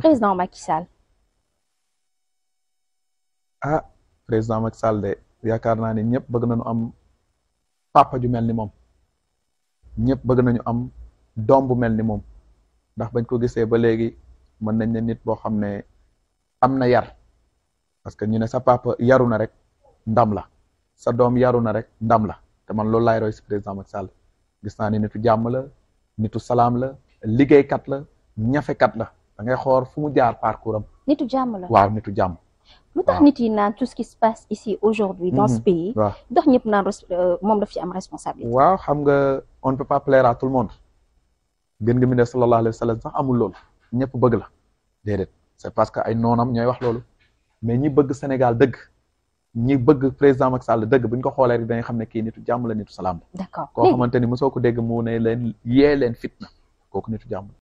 président Macky Sall. ah président Macky Sall de yaakaar naa ne ñëpp bëgg nañu am papa ju mel ni moom ñëpp bëgg nañu am doom bu mel ni moom ndax bañ ko gisee ba léegi mën nañ ne nit boo xam ne am na yar parce que ñu ne sa papa yaru na rek ndam la sa doom yaru na rek ndam la te man loolu laay roy si président Macky Sall gis naa ni nitu jàmm la nitu salaam la liggéeykat la ñafekat la. da ngay xool fu mu jaar parcours am. nitu jàmm la jàmm. lu tax nit yi naan tout ce qui se passe ici aujourd'hui dans ce mhm. pays. waaw ndax ñëpp naan euh, moom daf ci am responsabilité. waaw xam nga on ne peut pas plaire à tout monde. gën nga mi ne sallallahu alayhi wa sax amul loolu ñëpp bëgg la déedéet c'est parce que ay noonam ñooy wax loolu mais ñi bëgg Sénégal dëgg ñi bëgg président Macky Sall dëgg bu ñu ko xoolee rek dañuy xam ne kii nitu jàmm la nitu salaam. d'accord koo xamante ni mosoo ko dégg mu ne leen yee leen fitna kooku nitu